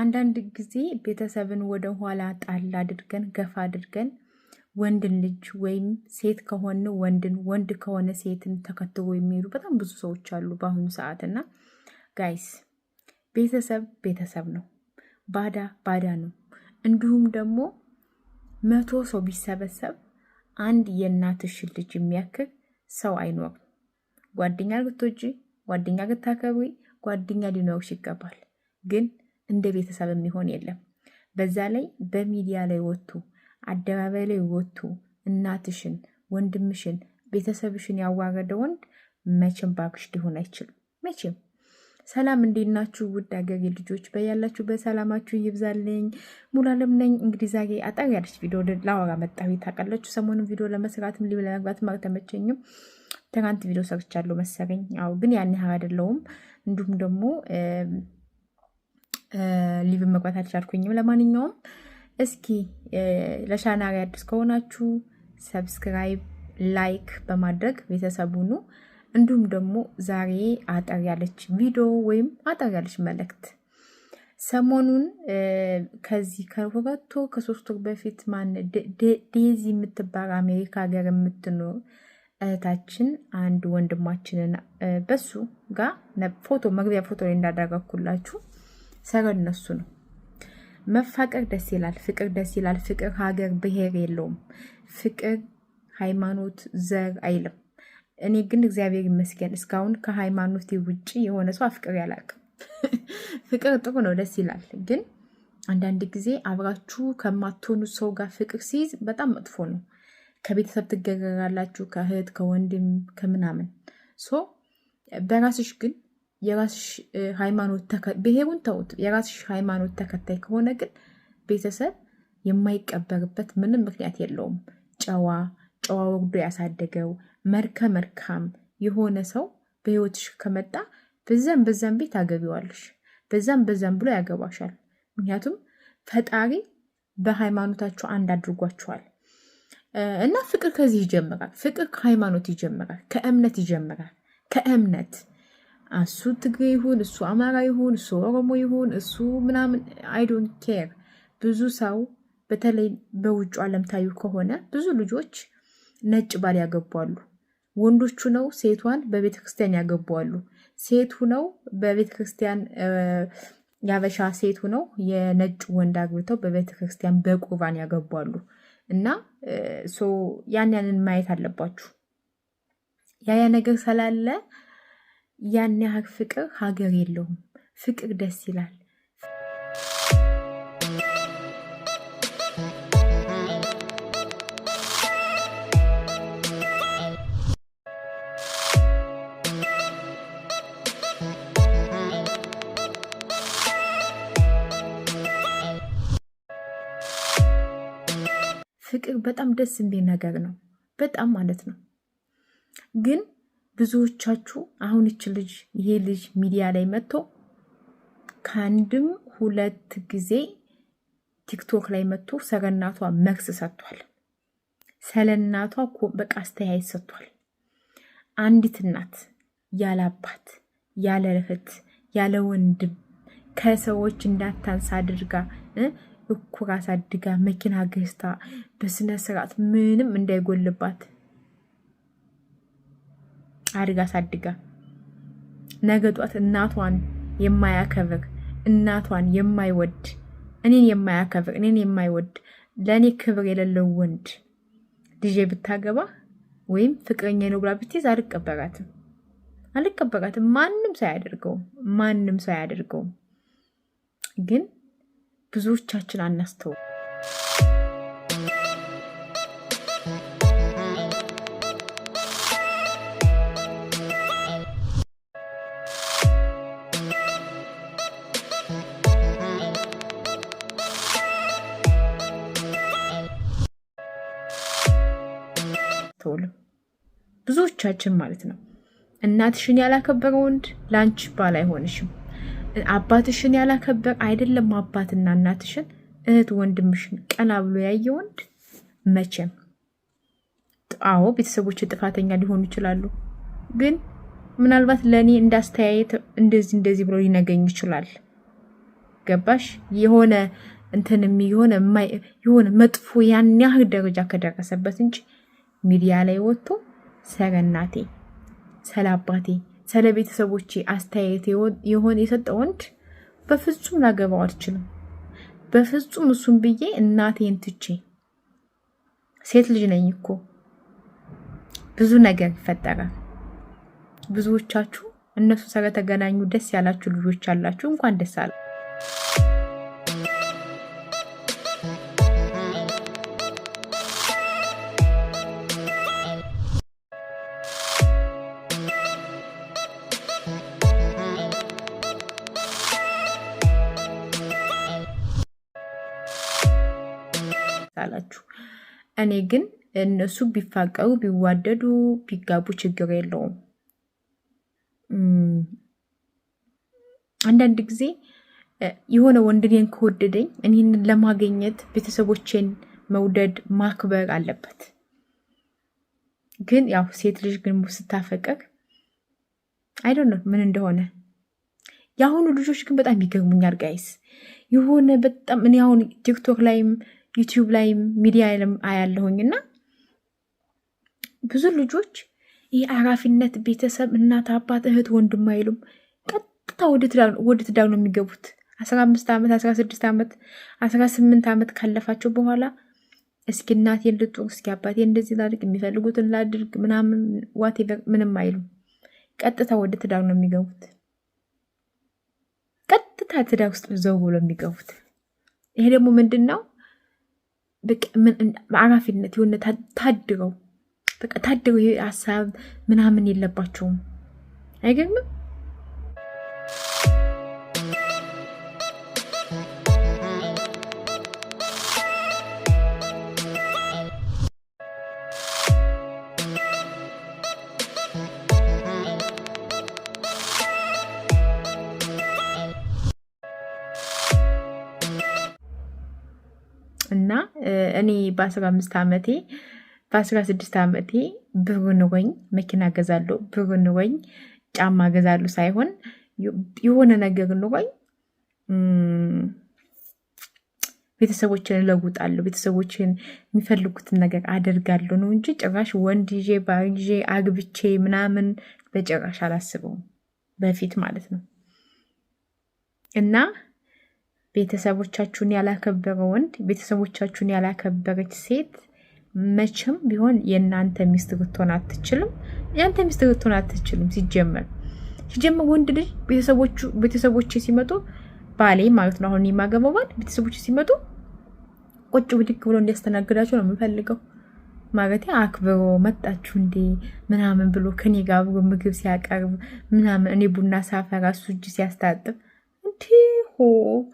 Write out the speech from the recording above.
አንዳንድ ጊዜ ቤተሰብን ወደ ኋላ ጣል አድርገን ገፋ አድርገን ወንድን ልጅ ወይም ሴት ከሆን ወንድን ወንድ ከሆነ ሴትን ተከትሎ የሚሄዱ በጣም ብዙ ሰዎች አሉ በአሁኑ ሰዓት። እና ጋይስ ቤተሰብ ቤተሰብ ነው፣ ባዳ ባዳ ነው። እንዲሁም ደግሞ መቶ ሰው ቢሰበሰብ አንድ የእናትሽ ልጅ የሚያክል ሰው አይኖርም። ጓደኛ ግቶጂ ጓደኛ ልታከብሪ፣ ጓደኛ ሊኖርሽ ይገባል ግን እንደ ቤተሰብ የሚሆን የለም። በዛ ላይ በሚዲያ ላይ ወጥቶ አደባባይ ላይ ወጥቶ እናትሽን፣ ወንድምሽን፣ ቤተሰብሽን ያዋረደ ወንድ መቼም ባክሽ ሊሆን አይችልም። መቼም ሰላም፣ እንዴት ናችሁ? ውድ አገሬ ልጆች በያላችሁበት ሰላማችሁ ይብዛልኝ። ሙሉ ነኝ። እንግዲህ ዛሬ አጠር ያለች ቪዲዮ ላወራ መጣሁ። ታውቃላችሁ፣ ሰሞኑን ቪዲዮ ለመስራትም ሊብ ለመግባትም አልተመቸኝም። ትናንት ቪዲዮ ሰርቻለሁ መሰለኝ። ያው ግን ያን ያህል አይደለውም። እንዲሁም ደግሞ ሊቭን መግባት አልቻልኩኝም። ለማንኛውም እስኪ ለቻናሌ አዲስ ከሆናችሁ ሰብስክራይብ፣ ላይክ በማድረግ ቤተሰቡኑ እንዲሁም ደግሞ ዛሬ አጠር ያለች ቪዲዮ ወይም አጠር ያለች መልእክት ሰሞኑን ከዚህ ከሁለት ወር ከሶስት ወር በፊት ማን ዴዚ የምትባል አሜሪካ ሀገር የምትኖር እህታችን አንድ ወንድማችንን በሱ ጋር ፎቶ መግቢያ ፎቶ ላይ እንዳደረግኩላችሁ ሰረን እነሱ ነው። መፋቀር ደስ ይላል። ፍቅር ደስ ይላል። ፍቅር ሀገር ብሔር የለውም። ፍቅር ሃይማኖት፣ ዘር አይልም። እኔ ግን እግዚአብሔር ይመስገን እስካሁን ከሃይማኖት ውጭ የሆነ ሰው አፍቅሬ አላውቅም። ፍቅር ጥሩ ነው፣ ደስ ይላል። ግን አንዳንድ ጊዜ አብራችሁ ከማትሆኑ ሰው ጋር ፍቅር ሲይዝ በጣም መጥፎ ነው። ከቤተሰብ ትገረራላችሁ፣ ከእህት ከወንድም ከምናምን። ሶ በራስሽ ግን የራስሽ ሃይማኖት ብሄሩን ተውት። የራስሽ ሃይማኖት ተከታይ ከሆነ ግን ቤተሰብ የማይቀበርበት ምንም ምክንያት የለውም። ጨዋ ጨዋ ወርዶ ያሳደገው መርከ መርካም የሆነ ሰው በህይወትሽ ከመጣ በዛም በዛም ቤት አገቢዋለሽ፣ በዛም በዛም ብሎ ያገባሻል። ምክንያቱም ፈጣሪ በሃይማኖታቸው አንድ አድርጓቸዋል። እና ፍቅር ከዚህ ይጀምራል። ፍቅር ከሃይማኖት ይጀምራል፣ ከእምነት ይጀምራል፣ ከእምነት እሱ ትግሬ ይሁን እሱ አማራ ይሁን እሱ ኦሮሞ ይሁን እሱ ምናምን አይዶን ኬር። ብዙ ሰው በተለይ በውጭ ዓለም ታዩ ከሆነ ብዙ ልጆች ነጭ ባል ያገቧሉ። ወንዶቹ ነው ሴቷን በቤተ ክርስቲያን ያገቧሉ። ሴቱ ነው በቤተ ክርስቲያን ያበሻ ሴቱ ነው የነጭ ወንድ አግብተው በቤተ ክርስቲያን በቁርባን ያገቧሉ። እና ያን ያንን ማየት አለባችሁ። ያ ያ ነገር ስላለ ያን ያህል ፍቅር ሀገር የለውም። ፍቅር ደስ ይላል። ፍቅር በጣም ደስ የሚል ነገር ነው። በጣም ማለት ነው ግን ብዙዎቻችሁ አሁን እች ልጅ ይሄ ልጅ ሚዲያ ላይ መጥቶ ከአንድም ሁለት ጊዜ ቲክቶክ ላይ መጥቶ ሰለእናቷ መክስ ሰጥቷል። ሰለናቷ በቃ አስተያየት ሰጥቷል። አንዲት እናት ያለ አባት ያለ እህት ያለ ወንድም ከሰዎች እንዳታንስ አድርጋ እኩል አሳድጋ መኪና ገዝታ በስነ ስርዓት ምንም እንዳይጎልባት አድጋ አሳድጋ ነገ ጧት እናቷን የማያከብር እናቷን የማይወድ እኔን የማያከብር እኔን የማይወድ ለእኔ ክብር የሌለው ወንድ ልጄ ብታገባ ወይም ፍቅረኛ ነው ብላ ብትይዝ አልቀበራትም አልቀበራትም። ማንም ሰው አያደርገውም። ማንም ሰው አያደርገውም። ግን ብዙዎቻችን አናስተውም። ብዙዎቻችን ማለት ነው። እናትሽን ያላከበረ ወንድ ለአንቺ ባል አይሆንሽም። አባትሽን ያላከበር አይደለም አባትና እናትሽን እህት ወንድምሽን ቀና ብሎ ያየ ወንድ መቼም አዎ፣ ቤተሰቦች ጥፋተኛ ሊሆኑ ይችላሉ። ግን ምናልባት ለእኔ እንዳስተያየት እንደዚህ እንደዚህ ብሎ ሊነገኝ ይችላል። ገባሽ? የሆነ እንትንም የሆነ የሆነ መጥፎ ያን ያህል ደረጃ ከደረሰበት እንጂ ሚዲያ ላይ ወጥቶ ስለ እናቴ፣ ስለ አባቴ፣ ስለ ቤተሰቦቼ አስተያየት የሆነ የሰጠ ወንድ በፍጹም ላገባው አልችልም። በፍጹም እሱን ብዬ እናቴን ትቼ ሴት ልጅ ነኝ እኮ ብዙ ነገር ይፈጠራል። ብዙዎቻችሁ እነሱ ስለተገናኙ ደስ ያላችሁ ልጆች አላችሁ። እንኳን ደስ አለ ካላችሁ። እኔ ግን እነሱ ቢፋቀሩ ቢዋደዱ ቢጋቡ ችግር የለውም። አንዳንድ ጊዜ የሆነ ወንድ ከወደደኝ እኔን ለማገኘት ቤተሰቦቼን መውደድ ማክበር አለበት። ግን ያው ሴት ልጅ ግን ስታፈቅር አይደው ምን እንደሆነ። የአሁኑ ልጆች ግን በጣም ይገርሙኛል ጋይስ የሆነ በጣም እኔ አሁን ቲክቶክ ላይም ዩቲዩብ ላይም ሚዲያ አያለሁኝ እና ብዙ ልጆች ይህ አራፊነት ቤተሰብ፣ እናት፣ አባት፣ እህት፣ ወንድም አይሉም። ቀጥታ ወደ ትዳር ነው የሚገቡት። አስራ አምስት ዓመት አስራ ስድስት ዓመት አስራ ስምንት ዓመት ካለፋቸው በኋላ እስኪ እናቴን ልጡር፣ እስኪ አባቴን እንደዚህ ላድርግ፣ የሚፈልጉትን ላድርግ ምናምን ዋቴቨር ምንም አይሉም። ቀጥታ ወደ ትዳር ነው የሚገቡት። ቀጥታ ትዳር ውስጥ ዘው ብሎ የሚገቡት ይሄ ደግሞ ምንድን ነው? አራፊነት የሆነ ታድገው ታድገው ሀሳብ ምናምን የለባቸውም። አይገርምም? እና እኔ በአስራ አምስት ዓመቴ በአስራ ስድስት ዓመቴ ብር ወኝ መኪና ገዛለሁ፣ ብር ወኝ ጫማ ገዛሉ ሳይሆን የሆነ ነገር ንወኝ ቤተሰቦችን እለውጣለሁ፣ ቤተሰቦችን የሚፈልጉትን ነገር አደርጋለሁ ነው እንጂ ጭራሽ ወንድ ይዤ ባል ይዤ አግብቼ ምናምን በጭራሽ አላስበውም። በፊት ማለት ነው እና ቤተሰቦቻችሁን ያላከበረ ወንድ ቤተሰቦቻችሁን ያላከበረች ሴት መቼም ቢሆን የእናንተ ሚስት ብትሆን አትችልም። የአንተ ሚስት ብትሆን አትችልም። ሲጀመር ሲጀመር ወንድ ልጅ ቤተሰቦች ሲመጡ ባሌ ማለት ነው። አሁን የማገባው ባል ቤተሰቦች ሲመጡ ቁጭ ብድግ ብሎ እንዲያስተናግዳቸው ነው የምፈልገው። ማለት አክብሮ መጣችሁ እንዴ ምናምን ብሎ ከኔ ጋር ምግብ ሲያቀርብ ምናምን እኔ ቡና ሳፈራ እሱ እጅ ሲያስታጥብ 天吼！